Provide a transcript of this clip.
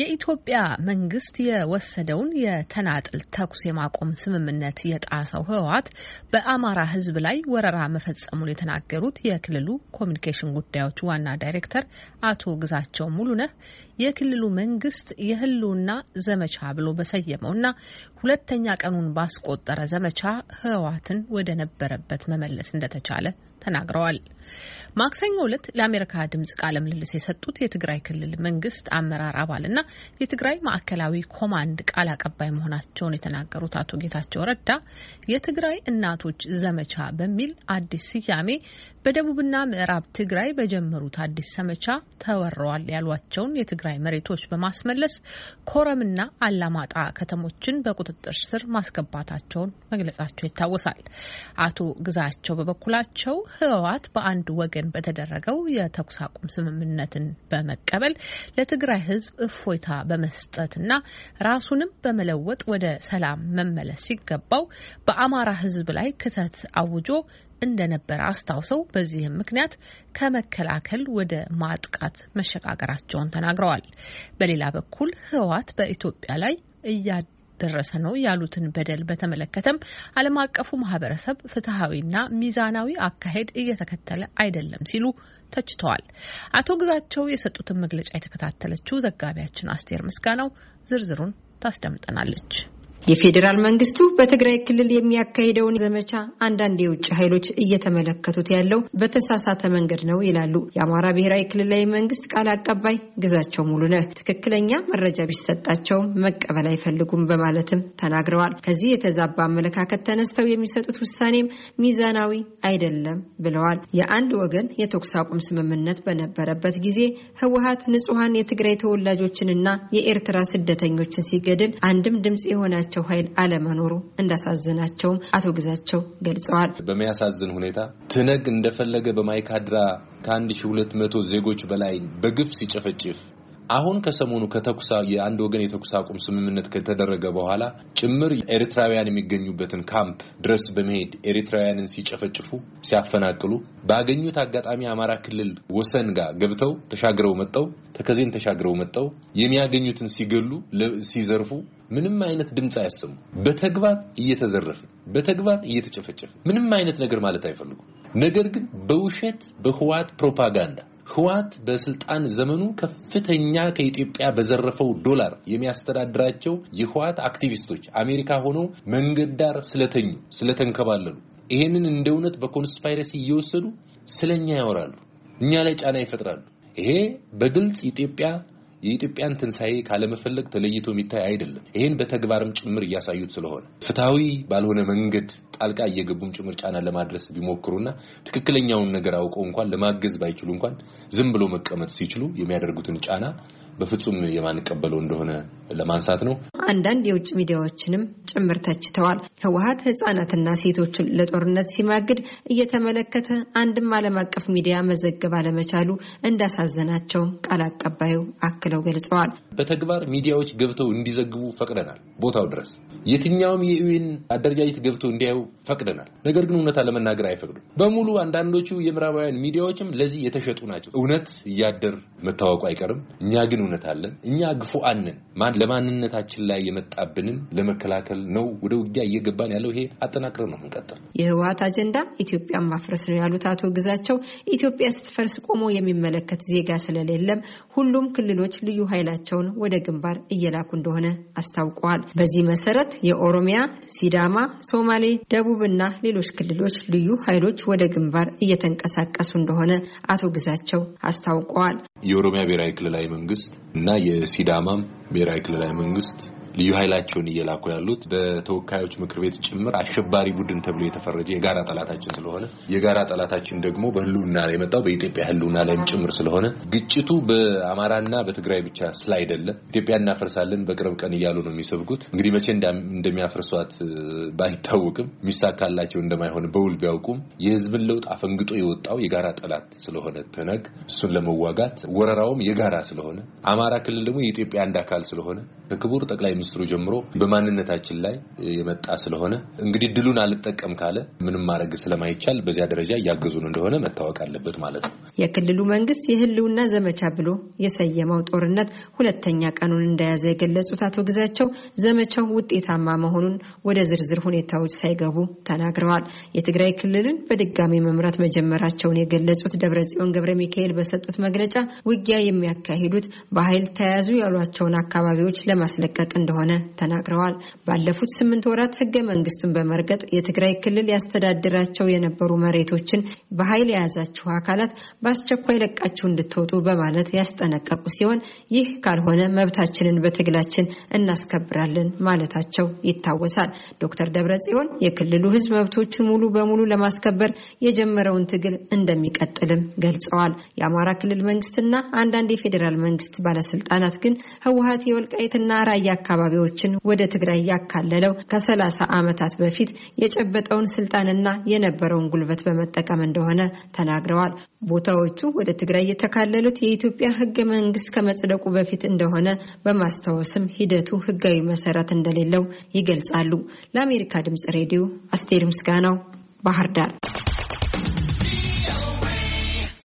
የኢትዮጵያ መንግስት የወሰደውን የተናጥል ተኩስ የማቆም ስምምነት የጣሰው ህወሓት በአማራ ህዝብ ላይ ወረራ መፈጸሙን የተናገሩት የክልሉ ኮሚኒኬሽን ጉዳዮች ዋና ዳይሬክተር አቶ ግዛቸው ሙሉነህ የክልሉ መንግስት የህልውና ዘመቻ ብሎ በሰየመውና ሁለተኛ ቀኑን ባስቆጠረ ዘመቻ ህወሓትን ወደ ነበረበት መመለስ እንደተቻለ ተናግረዋል። ማክሰኞ ዕለት ለአሜሪካ ድምጽ ቃለ ምልልስ የሰጡት የትግራይ ክልል መንግስት አመራር አባልና የትግራይ ማዕከላዊ ኮማንድ ቃል አቀባይ መሆናቸውን የተናገሩት አቶ ጌታቸው ረዳ የትግራይ እናቶች ዘመቻ በሚል አዲስ ስያሜ በደቡብና ምዕራብ ትግራይ በጀመሩት አዲስ ዘመቻ ተወረዋል ያሏቸውን የትግራይ መሬቶች በማስመለስ ኮረምና አላማጣ ከተሞችን በቁጥጥር ስር ማስገባታቸውን መግለጻቸው ይታወሳል። አቶ ግዛቸው በበኩላቸው ህወሓት በአንድ ወገን በተደረገው የተኩስ አቁም ስምምነትን በመቀበል ለትግራይ ህዝብ እፎይታ በመስጠትና ራሱንም በመለወጥ ወደ ሰላም መመለስ ሲገባው በአማራ ህዝብ ላይ ክተት አውጆ እንደነበረ አስታውሰው በዚህም ምክንያት ከመከላከል ወደ ማጥቃት መሸጋገራቸውን ተናግረዋል። በሌላ በኩል ህወሓት በኢትዮጵያ ላይ እያ ደረሰ ነው ያሉትን በደል በተመለከተም ዓለም አቀፉ ማህበረሰብ ፍትሐዊና ሚዛናዊ አካሄድ እየተከተለ አይደለም ሲሉ ተችተዋል። አቶ ግዛቸው የሰጡትን መግለጫ የተከታተለችው ዘጋቢያችን አስቴር ምስጋናው ዝርዝሩን ታስደምጠናለች። የፌዴራል መንግስቱ በትግራይ ክልል የሚያካሂደውን ዘመቻ አንዳንድ የውጭ ኃይሎች እየተመለከቱት ያለው በተሳሳተ መንገድ ነው ይላሉ የአማራ ብሔራዊ ክልላዊ መንግስት ቃል አቀባይ ግዛቸው ሙሉነህ። ትክክለኛ መረጃ ቢሰጣቸውም መቀበል አይፈልጉም በማለትም ተናግረዋል። ከዚህ የተዛባ አመለካከት ተነስተው የሚሰጡት ውሳኔም ሚዛናዊ አይደለም ብለዋል። የአንድ ወገን የተኩስ አቁም ስምምነት በነበረበት ጊዜ ህወሀት ንጹሐን የትግራይ ተወላጆችንና የኤርትራ ስደተኞችን ሲገድል አንድም ድምፅ የሆናቸው የሚያግዛቸው ኃይል አለመኖሩ እንዳሳዘናቸውም አቶ ግዛቸው ገልጸዋል። በሚያሳዝን ሁኔታ ትነግ እንደፈለገ በማይካድራ ከ 1200 ዜጎች በላይ በግፍ ሲጨፈጭፍ አሁን ከሰሞኑ ከተኩስ የአንድ ወገን የተኩስ አቁም ስምምነት ከተደረገ በኋላ ጭምር ኤርትራውያን የሚገኙበትን ካምፕ ድረስ በመሄድ ኤርትራውያንን ሲጨፈጭፉ፣ ሲያፈናቅሉ ባገኙት አጋጣሚ አማራ ክልል ወሰን ጋር ገብተው ተሻግረው መጠው ተከዜን ተሻግረው መጠው የሚያገኙትን ሲገሉ፣ ሲዘርፉ ምንም አይነት ድምፅ አያሰሙ። በተግባር እየተዘረፍን በተግባር እየተጨፈጨፍን ምንም አይነት ነገር ማለት አይፈልጉም። ነገር ግን በውሸት በህዋት ፕሮፓጋንዳ ህዋት በስልጣን ዘመኑ ከፍተኛ ከኢትዮጵያ በዘረፈው ዶላር የሚያስተዳድራቸው የህዋት አክቲቪስቶች አሜሪካ ሆነው መንገድ ዳር ስለተኙ ስለተንከባለሉ ይሄንን እንደ እውነት በኮንስፓይረሲ እየወሰዱ ስለኛ ያወራሉ፣ እኛ ላይ ጫና ይፈጥራሉ። ይሄ በግልጽ ኢትዮጵያ የኢትዮጵያን ትንሣኤ ካለመፈለግ ተለይቶ የሚታይ አይደለም። ይህን በተግባርም ጭምር እያሳዩት ስለሆነ ፍትሐዊ ባልሆነ መንገድ ጣልቃ እየገቡም ጭምር ጫና ለማድረስ ቢሞክሩና ትክክለኛውን ነገር አውቀው እንኳን ለማገዝ ባይችሉ እንኳን ዝም ብሎ መቀመጥ ሲችሉ የሚያደርጉትን ጫና በፍጹም የማንቀበለው እንደሆነ ለማንሳት ነው። አንዳንድ የውጭ ሚዲያዎችንም ጭምር ተችተዋል። ህወሀት ህጻናትና ሴቶችን ለጦርነት ሲማግድ እየተመለከተ አንድም ዓለም አቀፍ ሚዲያ መዘገብ አለመቻሉ እንዳሳዘናቸው ቃል አቀባዩ አክለው ገልጸዋል። በተግባር ሚዲያዎች ገብተው እንዲዘግቡ ፈቅደናል። ቦታው ድረስ የትኛውም የዩኤን አደረጃጀት ገብተው እንዲያዩ ፈቅደናል። ነገር ግን እውነታ ለመናገር አይፈቅዱም። በሙሉ አንዳንዶቹ የምዕራባውያን ሚዲያዎችም ለዚህ የተሸጡ ናቸው። እውነት እያደር መታወቁ አይቀርም። እኛ ግን እውነት አለን። እኛ ግፉ አንን ለማንነታችን ላይ የመጣብንን ለመከላከል ነው ወደ ውጊያ እየገባን ያለው። ይሄ አጠናክረን ነው እንቀጥል። የህወሀት አጀንዳ ኢትዮጵያን ማፍረስ ነው ያሉት አቶ ግዛቸው ኢትዮጵያ ስትፈርስ ቆሞ የሚመለከት ዜጋ ስለሌለም ሁሉም ክልሎች ልዩ ኃይላቸውን ወደ ግንባር እየላኩ እንደሆነ አስታውቀዋል። በዚህ መሰረት የኦሮሚያ፣ ሲዳማ፣ ሶማሌ፣ ደቡብ እና ሌሎች ክልሎች ልዩ ኃይሎች ወደ ግንባር እየተንቀሳቀሱ እንደሆነ አቶ ግዛቸው አስታውቀዋል። የኦሮሚያ ብሔራዊ ክልላዊ መንግስት እና የሲዳማም ብሔራዊ ክልላዊ መንግስት ልዩ ኃይላቸውን እየላኩ ያሉት በተወካዮች ምክር ቤት ጭምር አሸባሪ ቡድን ተብሎ የተፈረጀ የጋራ ጠላታችን ስለሆነ የጋራ ጠላታችን ደግሞ በህልውና ላይ የመጣው በኢትዮጵያ ህልውና ላይም ጭምር ስለሆነ ግጭቱ በአማራና በትግራይ ብቻ ስላይደለም ኢትዮጵያ እናፈርሳለን በቅርብ ቀን እያሉ ነው የሚሰብኩት። እንግዲህ መቼ እንደሚያፈርሷት ባይታወቅም የሚሳካላቸው እንደማይሆን በውል ቢያውቁም የህዝብን ለውጥ አፈንግጦ የወጣው የጋራ ጠላት ስለሆነ ተነግ እሱን ለመዋጋት ወረራውም የጋራ ስለሆነ አማራ ክልል ደግሞ የኢትዮጵያ አንድ አካል ስለሆነ ከክቡር ጠቅላይ ሚኒስትሩ ጀምሮ በማንነታችን ላይ የመጣ ስለሆነ እንግዲህ ድሉን አልጠቀም ካለ ምንም ማድረግ ስለማይቻል በዚያ ደረጃ እያገዙን እንደሆነ መታወቅ አለበት ማለት ነው። የክልሉ መንግስት የህልውና ዘመቻ ብሎ የሰየመው ጦርነት ሁለተኛ ቀኑን እንደያዘ የገለጹት አቶ ግዛቸው ዘመቻው ውጤታማ መሆኑን ወደ ዝርዝር ሁኔታዎች ሳይገቡ ተናግረዋል። የትግራይ ክልልን በድጋሚ መምራት መጀመራቸውን የገለጹት ደብረጽዮን ገብረ ሚካኤል በሰጡት መግለጫ ውጊያ የሚያካሂዱት በኃይል ተያያዙ ያሏቸውን አካባቢዎች ለማስለቀቅ እንደሆነ እንደሆነ ተናግረዋል። ባለፉት ስምንት ወራት ህገ መንግስቱን በመርገጥ የትግራይ ክልል ያስተዳድራቸው የነበሩ መሬቶችን በኃይል የያዛችሁ አካላት በአስቸኳይ ለቃችሁ እንድትወጡ በማለት ያስጠነቀቁ ሲሆን ይህ ካልሆነ መብታችንን በትግላችን እናስከብራለን ማለታቸው ይታወሳል። ዶክተር ደብረ ጽዮን የክልሉ ህዝብ መብቶችን ሙሉ በሙሉ ለማስከበር የጀመረውን ትግል እንደሚቀጥልም ገልጸዋል። የአማራ ክልል መንግስትና አንዳንድ የፌዴራል መንግስት ባለስልጣናት ግን ህወሀት የወልቃይትና ራያ አካባቢ አካባቢዎችን ወደ ትግራይ ያካለለው ከሰላሳ ዓመታት በፊት የጨበጠውን ስልጣንና የነበረውን ጉልበት በመጠቀም እንደሆነ ተናግረዋል። ቦታዎቹ ወደ ትግራይ የተካለሉት የኢትዮጵያ ህገ መንግስት ከመጽደቁ በፊት እንደሆነ በማስታወስም ሂደቱ ሕጋዊ መሰረት እንደሌለው ይገልጻሉ። ለአሜሪካ ድምጽ ሬዲዮ አስቴር ምስጋናው ባህር ዳር